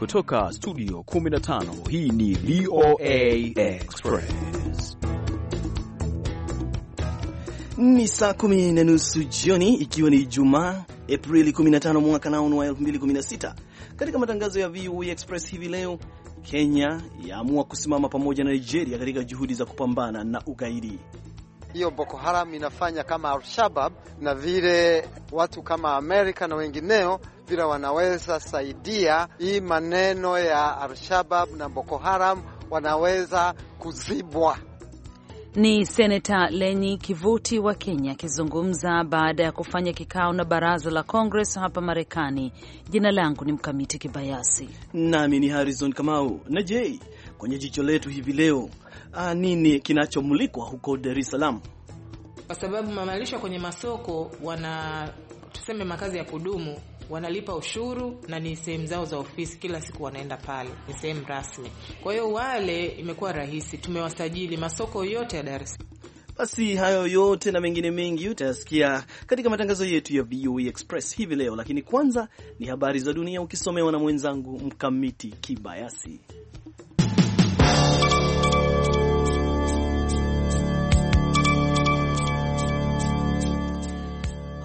kutoka studio 15 hii ni VOA Express ni saa kumi na nusu jioni ikiwa ni Ijumaa Aprili 15 mwaka nao wa 2016 katika matangazo ya VOA Express hivi leo Kenya yaamua kusimama pamoja na Nigeria katika juhudi za kupambana na ugaidi hiyo Boko Haram inafanya kama Al-Shabab na vile watu kama Amerika na wengineo vile wanaweza saidia hii maneno ya Al-Shabab na Boko Haram wanaweza kuzibwa. Ni seneta leni Kivuti wa Kenya akizungumza baada ya kufanya kikao na baraza la Congress hapa Marekani. Jina langu ni Mkamiti Kibayasi nami ni Harrison Kamau. Na je, kwenye jicho letu hivi leo a, ah, nini kinachomulikwa huko Dar es Salaam? Kwa sababu mamalisho kwenye masoko wana tuseme makazi ya kudumu wanalipa ushuru na ni sehemu zao za ofisi, kila siku wanaenda pale, ni sehemu rasmi. Kwa hiyo wale imekuwa rahisi, tumewasajili masoko yote ya Dar es Salaam. Basi hayo yote na mengine mengi utayasikia katika matangazo yetu ya VOA e Express hivi leo, lakini kwanza ni habari za dunia ukisomewa na mwenzangu Mkamiti Kibayasi.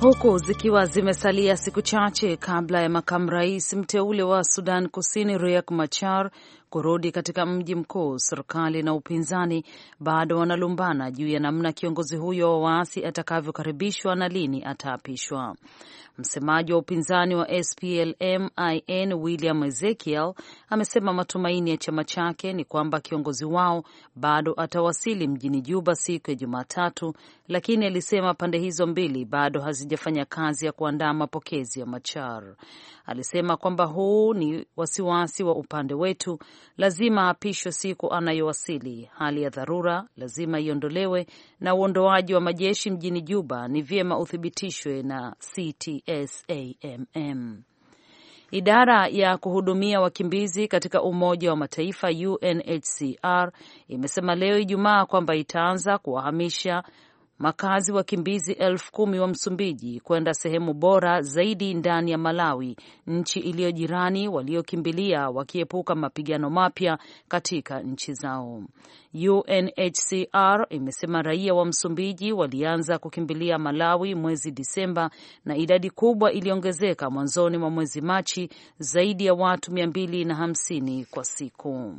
Huku zikiwa zimesalia siku chache kabla ya makamu rais mteule wa Sudan Kusini Riek Machar kurudi katika mji mkuu, serikali na upinzani bado wanalumbana juu ya namna kiongozi huyo wa waasi atakavyokaribishwa na lini ataapishwa. Msemaji wa upinzani wa SPLM-IN William Ezekiel amesema matumaini ya chama chake ni kwamba kiongozi wao bado atawasili mjini Juba siku ya Jumatatu, lakini alisema pande hizo mbili bado hazijafanya kazi ya kuandaa mapokezi ya Machar. Alisema kwamba huu ni wasiwasi wa upande wetu, lazima aapishwe siku anayowasili. Hali ya dharura lazima iondolewe na uondoaji wa majeshi mjini Juba ni vyema uthibitishwe na CT e. UNHCRSAMM. Idara ya kuhudumia wakimbizi katika Umoja wa Mataifa UNHCR imesema leo Ijumaa kwamba itaanza kuwahamisha makazi wakimbizi elfu kumi wa Msumbiji kwenda sehemu bora zaidi ndani ya Malawi, nchi iliyo jirani waliokimbilia wakiepuka mapigano mapya katika nchi zao. UNHCR imesema raia wa Msumbiji walianza kukimbilia Malawi mwezi Disemba na idadi kubwa iliongezeka mwanzoni mwa mwezi Machi, zaidi ya watu mia kwa siku.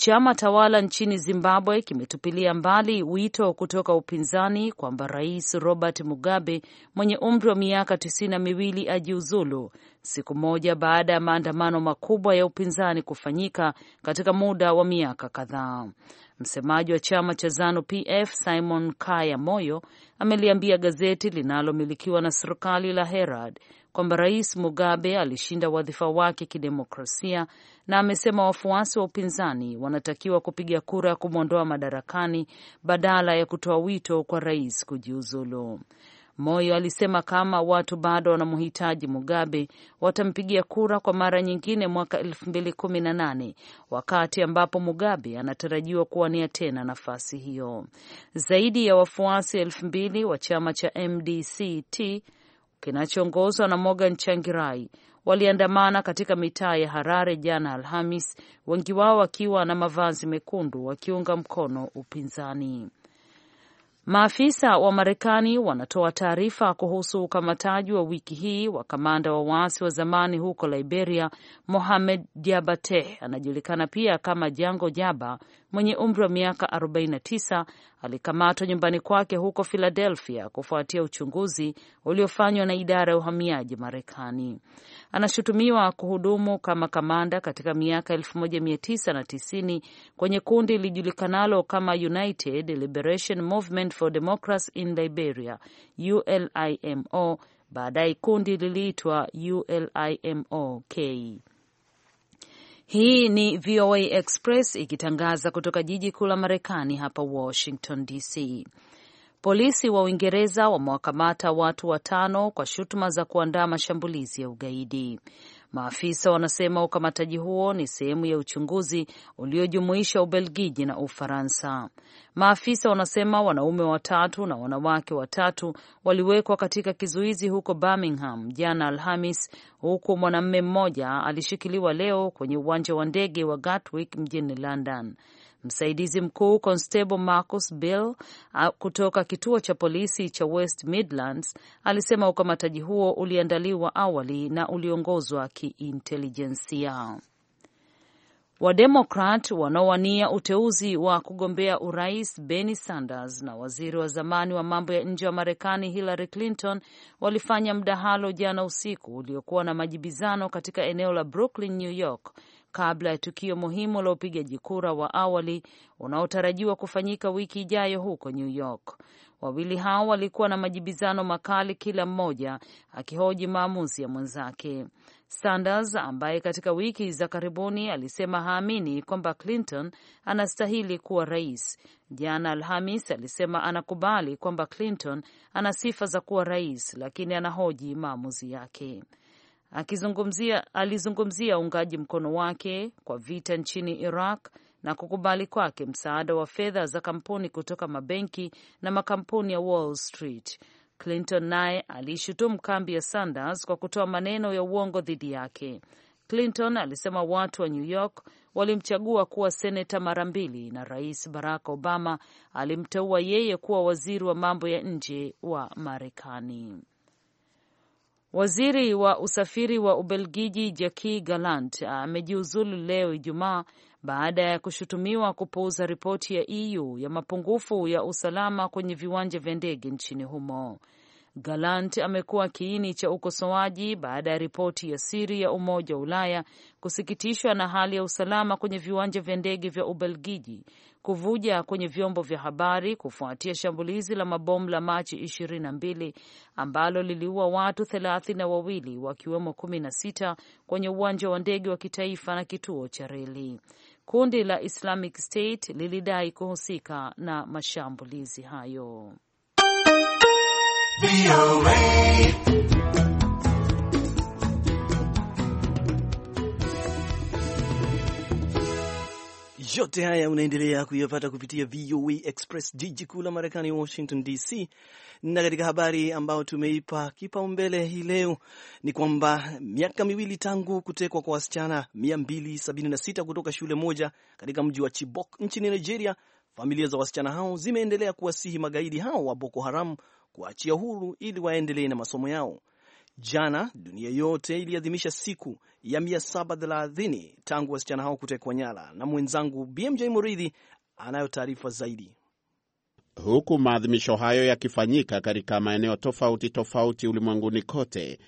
Chama tawala nchini Zimbabwe kimetupilia mbali wito kutoka upinzani kwamba Rais Robert Mugabe mwenye umri wa miaka tisini na miwili ajiuzulu, siku moja baada ya maandamano makubwa ya upinzani kufanyika katika muda wa miaka kadhaa. Msemaji wa chama cha ZANU PF Simon Kaya Moyo ameliambia gazeti linalomilikiwa na serikali la Herald kwamba Rais Mugabe alishinda wadhifa wake kidemokrasia na amesema wafuasi wa upinzani wanatakiwa kupiga kura ya kumwondoa madarakani badala ya kutoa wito kwa rais kujiuzulu. Moyo alisema kama watu bado wanamhitaji Mugabe watampigia kura kwa mara nyingine mwaka elfu mbili kumi na nane wakati ambapo Mugabe anatarajiwa kuwania tena nafasi hiyo. Zaidi ya wafuasi elfu mbili wa chama cha MDCT kinachoongozwa na Morgan Changirai waliandamana katika mitaa ya Harare jana Alhamis, wengi wao wakiwa na mavazi mekundu wakiunga mkono upinzani. Maafisa wa Marekani wanatoa taarifa kuhusu ukamataji wa wiki hii wa kamanda wa waasi wa zamani huko Liberia, Mohamed Diabate anajulikana pia kama Jango Jaba mwenye umri wa miaka 49 alikamatwa nyumbani kwake huko Philadelphia kufuatia uchunguzi uliofanywa na idara ya uhamiaji Marekani. Anashutumiwa kuhudumu kama kamanda katika miaka 1990 kwenye kundi lijulikanalo kama United Liberation Movement for Democracy in Liberia, ULIMO. Baadaye kundi liliitwa ULIMOK. Hii ni VOA Express ikitangaza kutoka jiji kuu la Marekani hapa Washington DC. Polisi wa Uingereza wamewakamata watu watano kwa shutuma za kuandaa mashambulizi ya ugaidi. Maafisa wanasema ukamataji huo ni sehemu ya uchunguzi uliojumuisha Ubelgiji na Ufaransa. Maafisa wanasema wanaume watatu na wanawake watatu waliwekwa katika kizuizi huko Birmingham jana Alhamis, huku mwanamume mmoja alishikiliwa leo kwenye uwanja wa ndege wa Gatwick mjini London. Msaidizi mkuu Constable Marcus Bill kutoka kituo cha polisi cha West Midlands alisema ukamataji huo uliandaliwa awali na uliongozwa kiintelijensia. Wademokrat wanaowania uteuzi wa kugombea urais Bernie Sanders na waziri wa zamani wa mambo ya nje wa Marekani Hillary Clinton walifanya mdahalo jana usiku uliokuwa na majibizano katika eneo la Brooklyn, New York kabla ya tukio muhimu la upigaji kura wa awali unaotarajiwa kufanyika wiki ijayo huko New York. Wawili hao walikuwa na majibizano makali, kila mmoja akihoji maamuzi ya mwenzake. Sanders ambaye katika wiki za karibuni alisema haamini kwamba Clinton anastahili kuwa rais, jana Alhamis alisema anakubali kwamba Clinton ana sifa za kuwa rais, lakini anahoji maamuzi yake. Akizungumzia, alizungumzia uungaji mkono wake kwa vita nchini Iraq na kukubali kwake msaada wa fedha za kampuni kutoka mabenki na makampuni ya Wall Street. Clinton naye aliishutumu kambi ya Sanders kwa kutoa maneno ya uongo dhidi yake. Clinton alisema watu wa New York walimchagua kuwa seneta mara mbili na Rais Barack Obama alimteua yeye kuwa waziri wa mambo ya nje wa Marekani. Waziri wa usafiri wa Ubelgiji Jaki galant amejiuzulu leo Ijumaa baada ya kushutumiwa kupuuza ripoti ya EU ya mapungufu ya usalama kwenye viwanja vya ndege nchini humo. galant amekuwa kiini cha ukosoaji baada ya ripoti ya siri ya Umoja wa Ulaya kusikitishwa na hali ya usalama kwenye viwanja vya ndege vya Ubelgiji kuvuja kwenye vyombo vya habari kufuatia shambulizi la mabomu la Machi ishirini na mbili ambalo liliua watu thelathini na wawili wakiwemo kumi na sita kwenye uwanja wa ndege wa kitaifa na kituo cha reli. Kundi la Islamic State lilidai kuhusika na mashambulizi hayo. Yote haya unaendelea kuyapata kupitia VOA Express, jiji kuu la Marekani, Washington DC. Na katika habari ambayo tumeipa kipaumbele hii leo ni kwamba miaka miwili tangu kutekwa kwa wasichana 276 kutoka shule moja katika mji wa Chibok nchini Nigeria, familia za wasichana hao zimeendelea kuwasihi magaidi hao wa Boko Haram kuachia huru ili waendelee na masomo yao. Jana dunia yote iliadhimisha siku ya 730 tangu wasichana hao kutekwa nyara, na mwenzangu BMJ Muridhi anayo taarifa zaidi. Huku maadhimisho hayo yakifanyika katika maeneo tofauti tofauti ulimwenguni kote,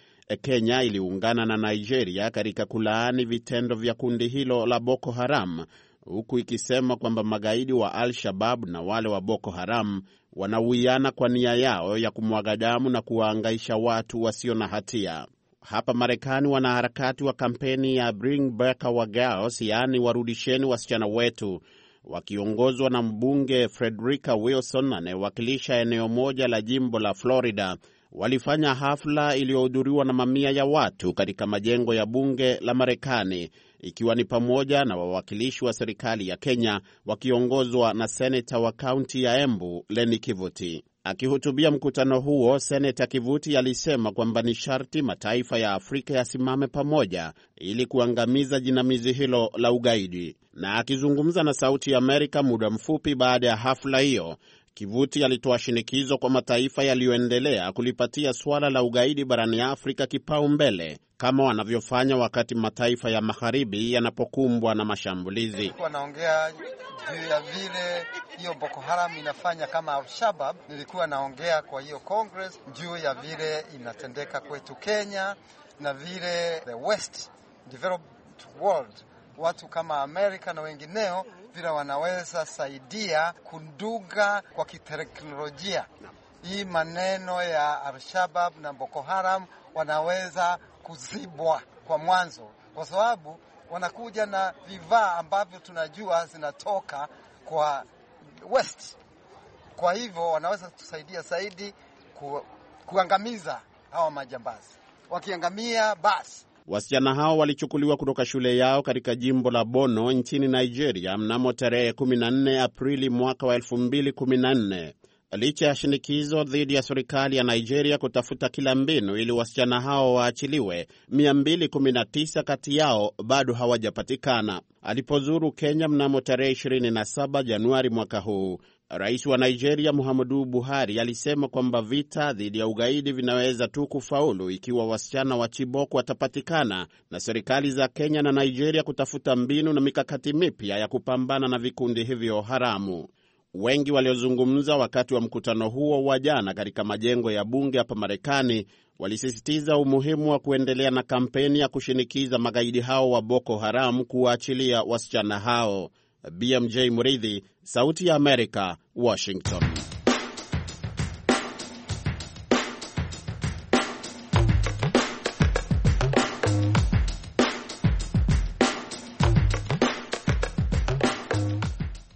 Kenya iliungana na Nigeria katika kulaani vitendo vya kundi hilo la Boko Haram, huku ikisema kwamba magaidi wa Al-Shabab na wale wa Boko Haram wanauiana kwa nia yao ya kumwaga damu na kuwaangaisha watu wasio na hatia. Hapa Marekani, wanaharakati wa kampeni ya Bring Back Our Girls, yaani warudisheni wasichana wetu, wakiongozwa na mbunge Frederica Wilson anayewakilisha eneo moja la jimbo la Florida walifanya hafla iliyohudhuriwa na mamia ya watu katika majengo ya bunge la Marekani, ikiwa ni pamoja na wawakilishi wa serikali ya Kenya wakiongozwa na seneta wa kaunti ya Embu Leni kivuti Akihutubia mkutano huo, seneta Kivuti alisema kwamba ni sharti mataifa ya Afrika yasimame pamoja ili kuangamiza jinamizi hilo la ugaidi. Na akizungumza na Sauti ya Amerika muda mfupi baada ya hafla hiyo, Kivuti alitoa shinikizo kwa mataifa yaliyoendelea kulipatia suala la ugaidi barani Afrika kipaumbele kama wanavyofanya wakati mataifa ya magharibi yanapokumbwa na mashambulizi. Wanaongea juu ya vile hiyo Boko Haram inafanya kama alshabab Nilikuwa naongea kwa hiyo Congress juu ya vile inatendeka kwetu Kenya na vile the West developed world, watu kama Amerika na wengineo vile wanaweza saidia kunduga kwa kiteknolojia hii maneno ya Alshabab na Boko Haram wanaweza kuzibwa kwa mwanzo, kwa sababu wanakuja na vifaa ambavyo tunajua zinatoka kwa West. Kwa hivyo wanaweza kutusaidia zaidi ku, kuangamiza hawa majambazi. Wakiangamia basi Wasichana hao walichukuliwa kutoka shule yao katika jimbo la Bono nchini Nigeria mnamo tarehe 14 Aprili mwaka wa 2014. Licha ya shinikizo dhidi ya serikali ya Nigeria kutafuta kila mbinu ili wasichana hao waachiliwe, 219 kati yao bado hawajapatikana. Alipozuru Kenya mnamo tarehe 27 Januari mwaka huu, Rais wa Nigeria Muhammadu Buhari alisema kwamba vita dhidi ya ugaidi vinaweza tu kufaulu ikiwa wasichana wa Chibok watapatikana na serikali za Kenya na Nigeria kutafuta mbinu na mikakati mipya ya kupambana na vikundi hivyo haramu. Wengi waliozungumza wakati wa mkutano huo wa jana katika majengo ya bunge hapa Marekani walisisitiza umuhimu wa kuendelea na kampeni ya kushinikiza magaidi hao wa Boko Haram kuwaachilia wasichana hao. BMJ Muridhi, Sauti ya Amerika, Washington.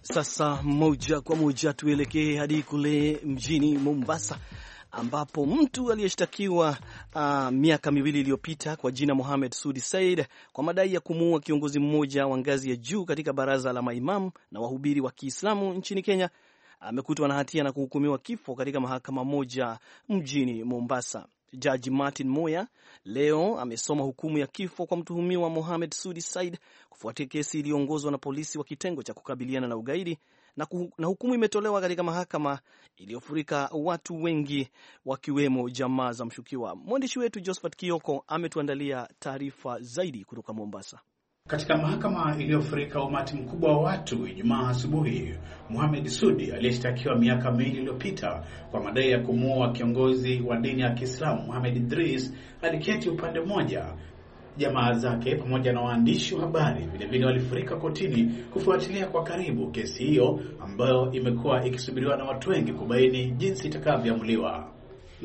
Sasa moja kwa moja tuelekee hadi kule mjini Mombasa ambapo mtu aliyeshtakiwa uh, miaka miwili iliyopita kwa jina Mohamed Sudi Said kwa madai ya kumuua kiongozi mmoja wa ngazi ya juu katika baraza la maimamu na wahubiri wa Kiislamu nchini Kenya amekutwa na hatia na kuhukumiwa kifo katika mahakama moja mjini Mombasa. Jaji Martin moya leo amesoma hukumu ya kifo kwa mtuhumiwa Mohamed Sudi Said kufuatia kesi iliyoongozwa na polisi wa kitengo cha kukabiliana na ugaidi na, na hukumu imetolewa katika mahakama iliyofurika watu wengi wakiwemo jamaa za mshukiwa. Mwandishi wetu Josephat Kioko ametuandalia taarifa zaidi kutoka Mombasa. Katika mahakama iliyofurika umati mkubwa wa watu Ijumaa asubuhi, muhamed Sudi aliyeshtakiwa miaka miwili iliyopita kwa madai ya kumuua kiongozi wa dini ya Kiislamu muhamed Idris aliketi upande mmoja. Jamaa zake pamoja na waandishi wa habari vilevile walifurika kotini kufuatilia kwa karibu kesi hiyo ambayo imekuwa ikisubiriwa na watu wengi kubaini jinsi itakavyoamuliwa.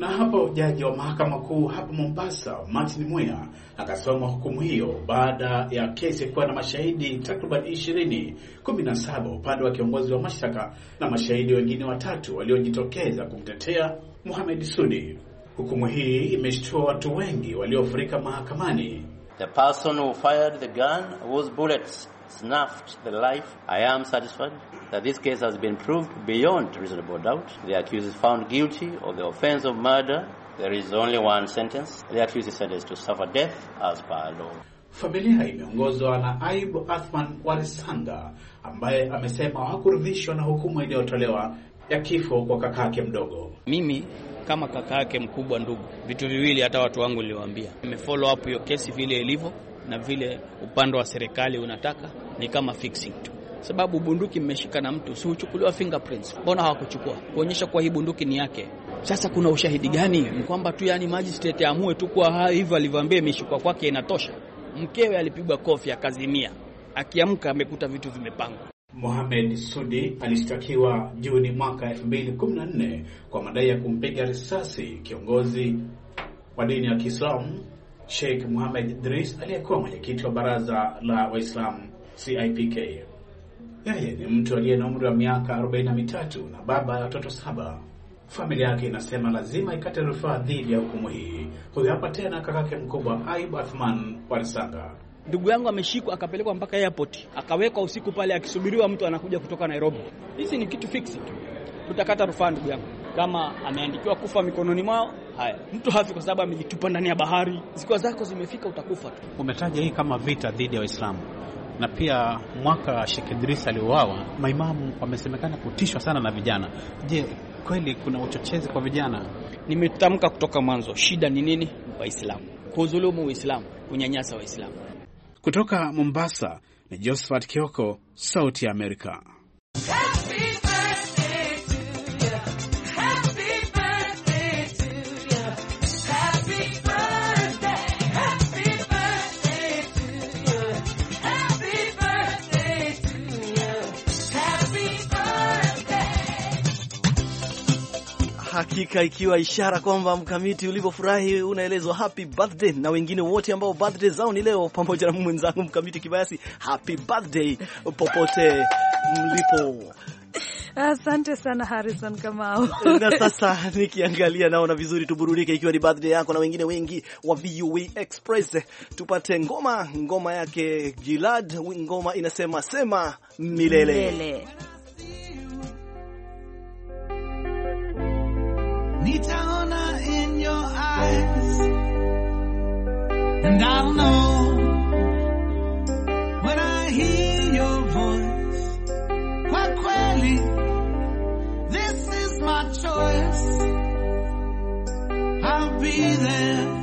Na hapo jaji wa mahakama kuu hapa Mombasa, Martin Muya akasoma hukumu hiyo baada ya kesi kuwa na mashahidi takriban 20, 17 upande wa kiongozi wa mashtaka na mashahidi wengine watatu waliojitokeza kumtetea Mohamed Sudi. Hukumu hii imeshtua watu wengi waliofurika mahakamani. The person who fired the gun was bullets snuffed the life. I am satisfied that this case has been proved beyond reasonable doubt. The accused is found guilty of the offense of murder. There is only one sentence. The accused is sentenced to suffer death as per law. Familia imeongozwa na Aibu Athman Warisanga ambaye amesema hakuridhishwa na hukumu iliyotolewa ya kifo kwa kakake mdogo. Mimi kama kaka yake mkubwa, ndugu, vitu viwili hata watu wangu niliwaambia, nimefollow up hiyo kesi vile ilivyo na vile upande wa serikali unataka, ni kama fixing tu, sababu bunduki mmeshika na mtu, si uchukuliwa fingerprints? Mbona hawakuchukua kuonyesha kuwa hii bunduki ni yake? Sasa kuna ushahidi gani? Ni kwamba tu yani magistrate amue tu kuwa hivyo alivyoambia imeshikwa kwake inatosha. Mkewe alipigwa kofi akazimia, akiamka amekuta vitu vimepangwa. Mohamed Sudi alishtakiwa Juni mwaka 2014 kwa madai ya kumpiga risasi kiongozi wa dini ya Kiislamu Sheikh Mohamed Idris aliyekuwa mwenyekiti wa baraza la Waislamu CIPK. Yeye ni mtu aliye na umri wa miaka 43 na baba ya watoto saba. Familia yake inasema lazima ikate rufaa dhidi ya hukumu hii. Huyu hapa tena kakake mkubwa Aib Athman Warisanga. Ndugu yangu ameshikwa akapelekwa mpaka airport, akawekwa usiku pale akisubiriwa mtu anakuja kutoka Nairobi. Hizi ni kitu fixi tu, tutakata rufaa ndugu yangu kama ameandikiwa kufa mikononi mwao. Haya, mtu hafi kwa sababu amejitupa ndani ya bahari. Zikiwa zako zimefika, utakufa tu. Umetaja hii kama vita dhidi ya Waislamu na pia mwaka Sheikh Idris aliuawa, maimamu wamesemekana kutishwa sana na vijana. Je, kweli kuna uchochezi kwa vijana? Nimetamka kutoka mwanzo, shida ni nini? Waislamu kudhulumu Waislamu, kunyanyasa Waislamu. Kutoka Mombasa ni Josephat Kioko, Sauti ya Amerika. hakika ikiwa ishara kwamba mkamiti ulivyofurahi unaelezwa happy birthday na wengine wote ambao birthday zao ni leo, pamoja na mwenzangu mkamiti kibayasi, happy birthday popote mlipo. Asante sana Harrison Kamau. Na sasa nikiangalia, naona vizuri, tuburudike ikiwa ni birthday yako na wengine wengi wa VOA e Express. Tupate ngoma, ngoma yake Gilad, ngoma inasema sema milele, milele. Nitaona in your eyes, and I'll know when I hear your voice. Kwa kweli, this is my choice. I'll be there.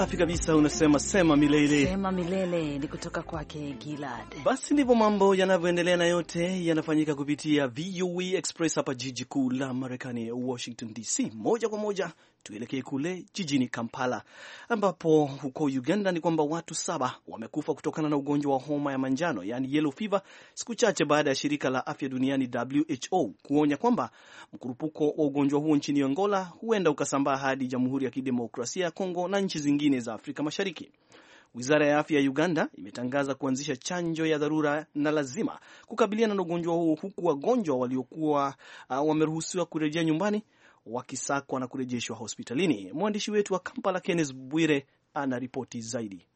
safi kabisa, unasema sema milele, sema milele ni kutoka kwake Gilad. Basi ndivyo mambo yanavyoendelea na yote yanafanyika kupitia VOA e Express hapa jiji kuu la Marekani, Washington DC, moja kwa moja Tuelekee kule jijini Kampala, ambapo huko Uganda ni kwamba watu saba wamekufa kutokana na ugonjwa wa homa ya manjano, yaani yellow fever, siku chache baada ya shirika la afya duniani WHO kuonya kwamba mkurupuko wa ugonjwa huo nchini Angola huenda ukasambaa hadi Jamhuri ya Kidemokrasia ya Kongo na nchi zingine za Afrika Mashariki. Wizara ya afya ya Uganda imetangaza kuanzisha chanjo ya dharura na lazima kukabiliana na ugonjwa huo, huku wagonjwa waliokuwa uh, wameruhusiwa kurejea nyumbani wakisakwa na kurejeshwa hospitalini. Mwandishi wetu wa Kampala, Kenneth Bwire, ana ripoti zaidi.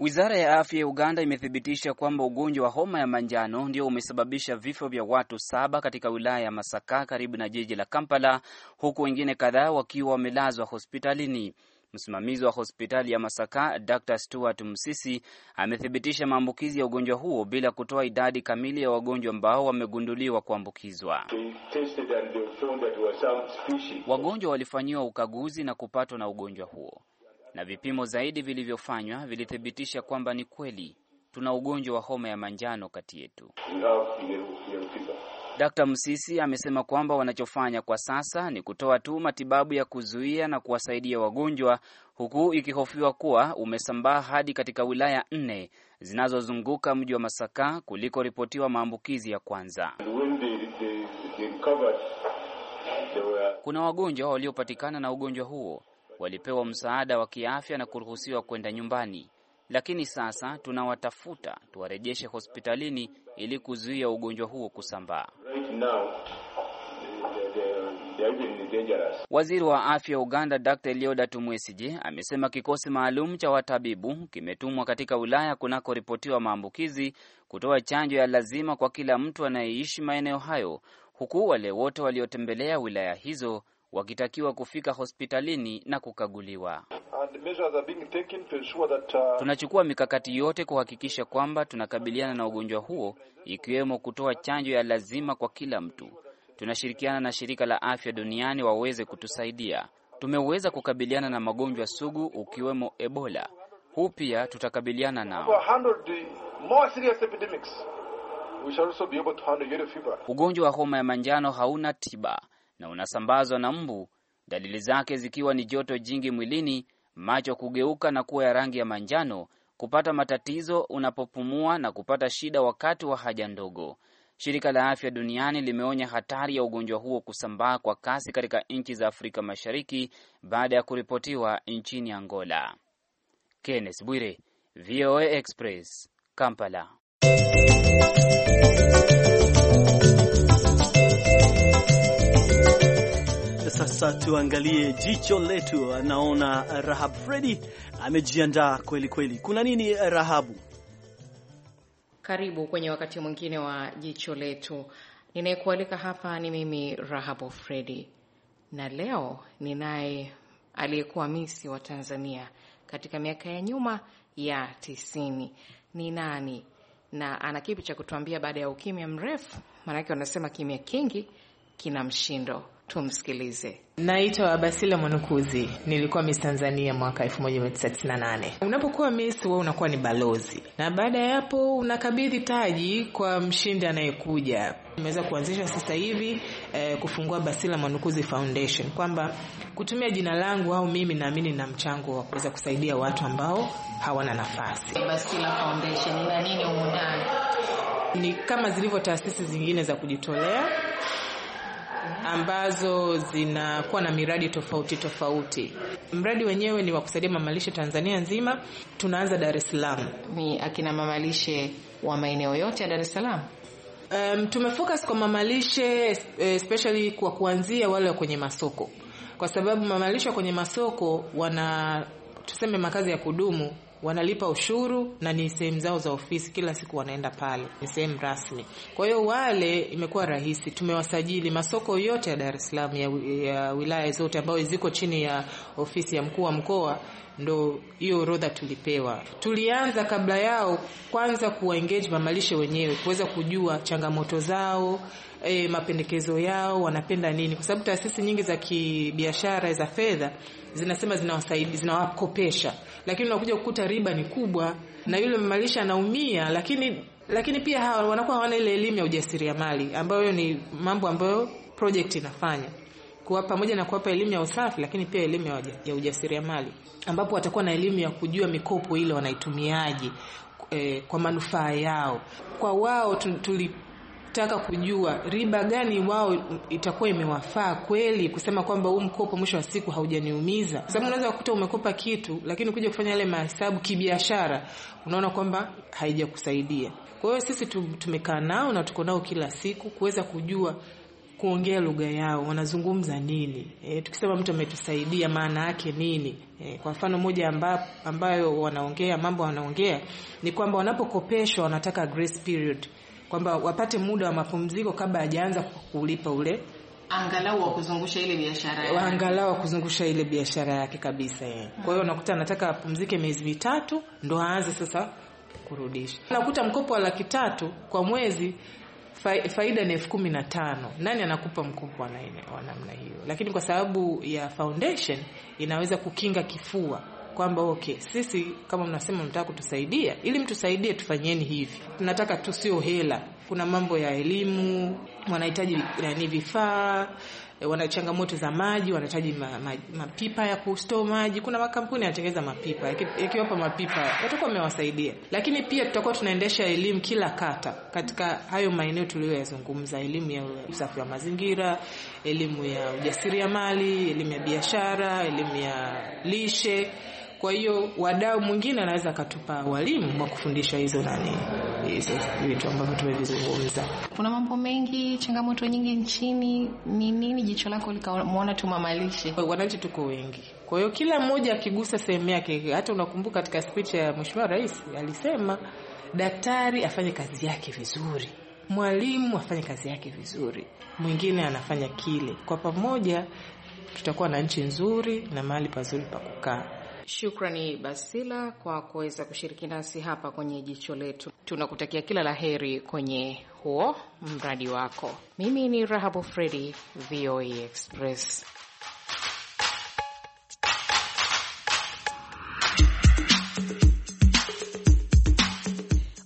Wizara ya afya ya Uganda imethibitisha kwamba ugonjwa wa homa ya manjano ndio umesababisha vifo vya watu saba katika wilaya ya Masaka karibu na jiji la Kampala, huku wengine kadhaa wakiwa wamelazwa hospitalini. Msimamizi wa hospitali ya Masaka, Dr Stuart Msisi, amethibitisha maambukizi ya ugonjwa huo bila kutoa idadi kamili ya wagonjwa ambao wamegunduliwa kuambukizwa. Wagonjwa walifanyiwa ukaguzi na kupatwa na ugonjwa huo, na vipimo zaidi vilivyofanywa vilithibitisha kwamba ni kweli tuna ugonjwa wa homa ya manjano kati yetu. Dr Msisi amesema kwamba wanachofanya kwa sasa ni kutoa tu matibabu ya kuzuia na kuwasaidia wagonjwa, huku ikihofiwa kuwa umesambaa hadi katika wilaya nne zinazozunguka mji wa Masaka kulikoripotiwa maambukizi ya kwanza. Kuna wagonjwa waliopatikana na ugonjwa huo, walipewa msaada wa kiafya na kuruhusiwa kwenda nyumbani lakini sasa tunawatafuta tuwarejeshe hospitalini ili kuzuia ugonjwa huo kusambaa. waziri wa afya Uganda Dr. Elioda tumwesije amesema kikosi maalum cha watabibu kimetumwa katika wilaya kunakoripotiwa maambukizi kutoa chanjo ya lazima kwa kila mtu anayeishi maeneo hayo, huku wale wote waliotembelea wilaya hizo wakitakiwa kufika hospitalini na kukaguliwa. Uh, Tunachukua mikakati yote kuhakikisha kwamba tunakabiliana na ugonjwa huo ikiwemo kutoa chanjo ya lazima kwa kila mtu. Tunashirikiana na shirika la afya duniani waweze kutusaidia. Tumeweza kukabiliana na magonjwa sugu ukiwemo Ebola. Huu pia tutakabiliana nao. Ugonjwa wa homa ya manjano hauna tiba na unasambazwa na mbu, dalili zake zikiwa ni joto jingi mwilini macho kugeuka na kuwa ya rangi ya manjano, kupata matatizo unapopumua na kupata shida wakati wa haja ndogo. Shirika la Afya Duniani limeonya hatari ya ugonjwa huo kusambaa kwa kasi katika nchi za Afrika Mashariki baada ya kuripotiwa nchini Angola. Kenneth Bwire, VOA Express, Kampala. sasa tuangalie jicho letu. Anaona Rahab Fredi amejiandaa kweli kweli. Kuna nini Rahabu? Karibu kwenye wakati mwingine wa jicho letu. Ninayekualika hapa ni mimi Rahabu Fredi, na leo ninaye aliyekuwa misi wa Tanzania katika miaka ya nyuma ya tisini. Ni nani na ana kipi cha kutuambia baada ya ukimya mrefu? Maanake wanasema kimya kingi kina mshindo. Tumsikilize. Naitwa Abasila Mwanukuzi, nilikuwa Miss Tanzania mwaka 1998. Unapokuwa Miss wewe unakuwa ni balozi, na baada ya hapo unakabidhi taji kwa mshindi anayekuja. Imeweza kuanzisha sasa hivi eh, kufungua Basila Mwanukuzi Foundation, kwamba kutumia jina langu au mimi naamini na mchango wa kuweza kusaidia watu ambao hawana nafasi. Basila Foundation ina nini Ni kama zilivyo taasisi zingine za kujitolea ambazo zinakuwa na miradi tofauti tofauti. Mradi wenyewe ni wa kusaidia mamalishe Tanzania nzima. Tunaanza Dar es Salaam, ni akina mamalishe wa maeneo yote ya Dar es Salaam. Um, tumefocus kwa mamalishe eh, especially kwa kuanzia wale wa kwenye masoko, kwa sababu mamalishe kwenye masoko wana tuseme makazi ya kudumu wanalipa ushuru na ni sehemu zao za ofisi, kila siku wanaenda pale, ni sehemu rasmi. Kwa hiyo wale imekuwa rahisi, tumewasajili masoko yote ya Dar es Salaam ya, ya wilaya zote ambayo ziko chini ya ofisi ya mkuu wa mkoa ndo hiyo orodha tulipewa. Tulianza kabla yao kwanza kuwaengage mamalishe wenyewe kuweza kujua changamoto zao, e, mapendekezo yao, wanapenda nini, kwa sababu taasisi nyingi za kibiashara za fedha zinasema zinawasaidia, zinawakopesha lakini unakuja kukuta riba ni kubwa na yule mmalisha anaumia, lakini lakini pia hawa wanakuwa hawana ile elimu ya ujasiriamali ambayo ni mambo ambayo project inafanya kwa pamoja na kuwapa elimu ya usafi, lakini pia elimu ya, ya ujasiriamali ambapo watakuwa na elimu ya kujua mikopo ile wanaitumiaje eh, kwa manufaa yao. Kwa wao kutaka kujua riba gani wao itakuwa imewafaa kweli, kusema kwamba huu mkopo mwisho wa siku haujaniumiza, kwa sababu unaweza kukuta umekopa kitu, lakini ukija kufanya yale mahesabu kibiashara, unaona kwamba haijakusaidia. Kwa hiyo sisi tumekaa nao na tuko nao kila siku kuweza kujua kuongea lugha yao, wanazungumza nini? E, tukisema mtu ametusaidia maana yake nini? E, kwa mfano moja amba, ambayo wanaongea mambo wanaongea ni kwamba wanapokopeshwa wanataka grace period kwamba wapate muda wa mapumziko kabla hajaanza kulipa ule angalau wa kuzungusha ile biashara yake, angalau kuzungusha ile biashara yake kabisa yeye. Eh. Hmm. Kwa hiyo unakuta anataka apumzike miezi mitatu ndo aanze sasa kurudisha. Unakuta mkopo wa laki tatu kwa mwezi faida ni elfu kumi na tano. Nani anakupa mkopo wa namna hiyo? Lakini kwa sababu ya foundation inaweza kukinga kifua kwamba okay, sisi kama mnasema mnataka kutusaidia, ili mtusaidie, tufanyeni hivi. Tunataka tu sio hela. Kuna mambo ya elimu, wanahitaji nani, vifaa wana changamoto za maji, wanahitaji ma, ma, mapipa ya kustoa maji. Kuna makampuni yanatengeneza mapipa, yakiwapa mapipa watakuwa wamewasaidia. Lakini pia tutakuwa tunaendesha elimu kila kata katika hayo maeneo tuliyoyazungumza, elimu ya usafi wa mazingira, elimu ya ujasiriamali, elimu ya biashara, elimu ya lishe kwa hiyo wadau mwingine anaweza akatupa walimu wa kufundisha hizo nani hizo vitu ambavyo tumevizungumza. Kuna mambo mengi, changamoto nyingi nchini. Ni nini jicho lako likamwona tumamalishe? Wananchi tuko wengi, kwa hiyo kila mmoja akigusa sehemu yake. Hata unakumbuka katika speech ya Mheshimiwa Rais alisema daktari afanye kazi yake vizuri mwalimu afanye kazi yake vizuri, mwingine anafanya kile. Kwa pamoja tutakuwa na nchi nzuri na mahali pazuri pa kukaa. Shukrani Basila kwa kuweza kushiriki nasi hapa kwenye jicho letu. Tunakutakia kila la heri kwenye huo mradi wako. Mimi ni Rahabu Fredi, VOA e Express.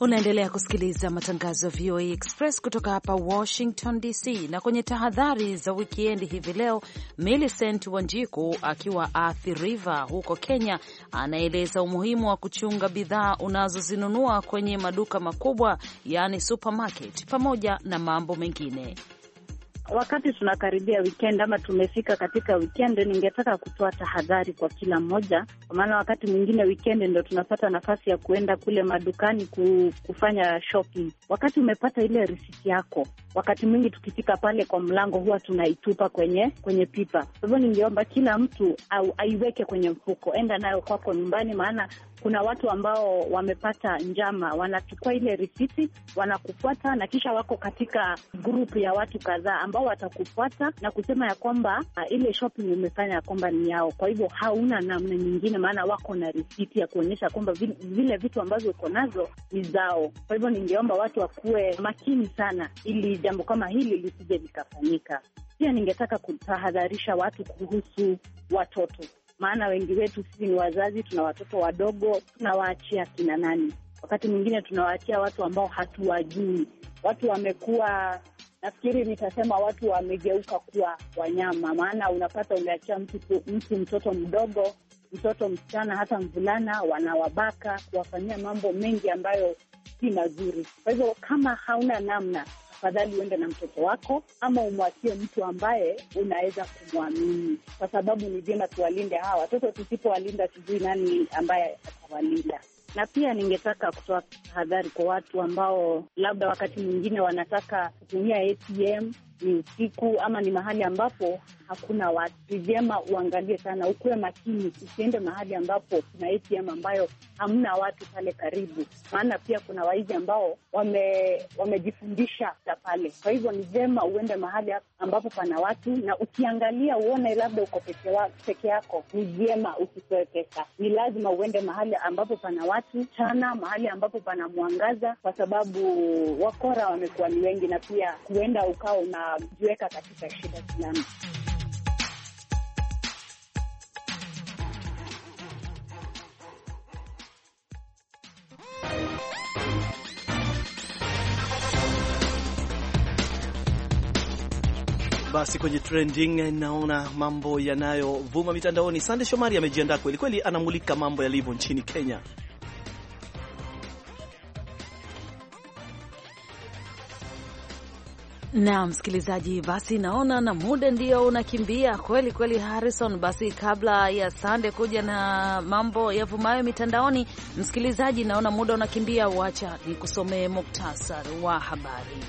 Unaendelea kusikiliza matangazo ya VOA Express kutoka hapa Washington DC. Na kwenye tahadhari za wikiendi hivi leo, Millicent Wanjiku akiwa Athi River huko Kenya anaeleza umuhimu wa kuchunga bidhaa unazozinunua kwenye maduka makubwa, yaani supermarket, pamoja na mambo mengine. Wakati tunakaribia weekend ama tumefika katika weekend, ningetaka kutoa tahadhari kwa kila mmoja, kwa maana wakati mwingine weekend ndo tunapata nafasi ya kuenda kule madukani kufanya shopping. Wakati umepata ile risiti yako, wakati mwingi tukifika pale kwa mlango huwa tunaitupa kwenye kwenye pipa. Kwa hivyo, ningeomba kila mtu au aiweke kwenye mfuko, enda nayo kwako nyumbani, maana kuna watu ambao wamepata njama, wanachukua ile risiti, wanakufuata na kisha wako katika grupu ya watu kadhaa ambao watakufuata na kusema ya kwamba uh, ile shopping umefanya ya kwamba ni yao. Kwa hivyo hauna namna nyingine, maana wako na risiti ya kuonyesha kwamba vile vitu ambavyo uko nazo ni zao. Kwa hivyo ningeomba watu wakuwe makini sana, ili jambo kama hili lisije likafanyika. Pia ningetaka kutahadharisha watu kuhusu watoto maana wengi wetu sisi ni wazazi, tuna watoto wadogo, tunawaachia kina nani? Wakati mwingine tunawaachia watu ambao hatuwajui. Watu wamekuwa, nafikiri nitasema watu wamegeuka kuwa wanyama, maana unapata umeachia mtu mtu mtoto mdogo mtoto msichana hata mvulana, wanawabaka, kuwafanyia mambo mengi ambayo si mazuri. Kwa hivyo kama hauna namna, afadhali uende na mtoto wako ama umwachie mtu ambaye unaweza kumwamini, kwa sababu ni vyema tuwalinde hawa watoto. Tusipowalinda sijui nani ambaye atawalinda na pia ningetaka kutoa tahadhari kwa watu ambao labda wakati mwingine wanataka kutumia ATM, ni usiku ama ni mahali ambapo hakuna watu. Ni vyema uangalie sana, ukuwe makini, usiende mahali ambapo kuna ATM ambayo hamna watu pale karibu, maana pia kuna waizi ambao wamejifundisha wame ta pale. Kwa hivyo ni vyema uende mahali ambapo pana watu, na ukiangalia uone labda uko peke yako, ni vyema usitoe pesa. Ni lazima uende mahali ambapo pana watu sana, mahali ambapo pana mwangaza, kwa sababu wakora wamekuwa ni wengi, na pia huenda ukawa unajiweka katika shida fulani. basi kwenye trending, naona mambo yanayovuma mitandaoni. Sande Shomari amejiandaa kweli kweli, anamulika mambo yalivyo nchini Kenya. na msikilizaji, basi naona na muda ndio unakimbia kweli kweli, Harrison. Basi kabla ya Sande kuja na mambo yavumayo mitandaoni, msikilizaji, naona muda unakimbia, wacha nikusomee muktasari wa habari.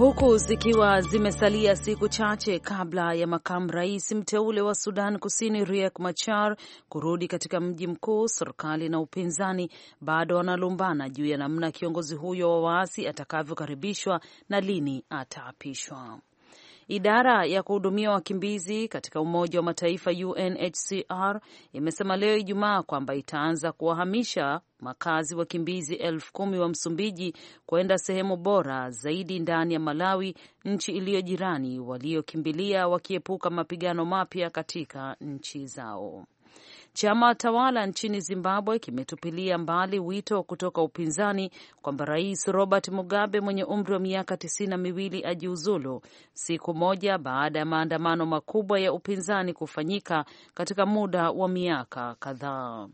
huku zikiwa zimesalia siku chache kabla ya makamu rais mteule wa Sudan Kusini Riek Machar kurudi katika mji mkuu, serikali na upinzani bado wanalumbana juu ya namna kiongozi huyo wa waasi atakavyokaribishwa na lini ataapishwa. Idara ya kuhudumia wakimbizi katika Umoja wa Mataifa UNHCR imesema leo Ijumaa kwamba itaanza kuwahamisha makazi wakimbizi elfu kumi wa Msumbiji kwenda sehemu bora zaidi ndani ya Malawi, nchi iliyo jirani, waliokimbilia wakiepuka mapigano mapya katika nchi zao. Chama tawala nchini Zimbabwe kimetupilia mbali wito kutoka upinzani kwamba Rais Robert Mugabe mwenye umri wa miaka tisini na miwili ajiuzulu, siku moja baada ya maandamano makubwa ya upinzani kufanyika katika muda wa miaka kadhaa.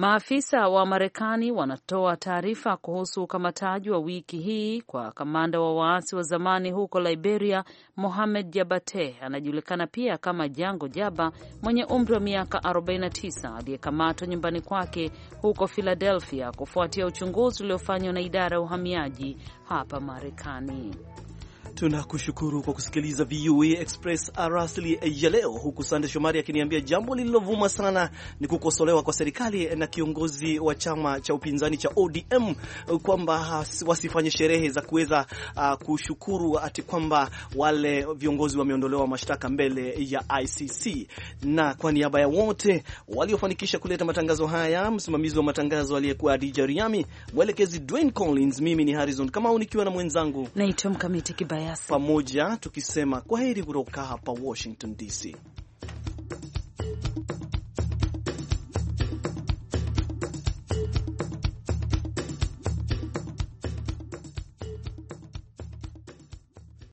Maafisa wa Marekani wanatoa taarifa kuhusu ukamataji wa wiki hii kwa kamanda wa waasi wa zamani huko Liberia, Mohamed Jabate, anajulikana pia kama Jango Jaba, mwenye umri wa miaka 49 aliyekamatwa nyumbani kwake huko Philadelphia kufuatia uchunguzi uliofanywa na idara ya uhamiaji hapa Marekani. Tunakushukuru kwa kusikiliza VOA Express arasli ya leo, huku Sande Shomari akiniambia jambo lililovuma sana ni kukosolewa kwa serikali na kiongozi wa chama cha upinzani cha ODM kwamba wasifanye sherehe za kuweza uh, kushukuru ati kwamba wale viongozi wameondolewa mashtaka mbele ya ICC. Na kwa niaba ya wote waliofanikisha kuleta matangazo haya, msimamizi wa matangazo aliyekuwa Adija Riami, mwelekezi Dwayne Collins, mimi ni Harrison Kamau nikiwa na mwenzangu naitwa Mkamiti Kibaya pamoja tukisema kwa heri kutoka hapa Washington DC.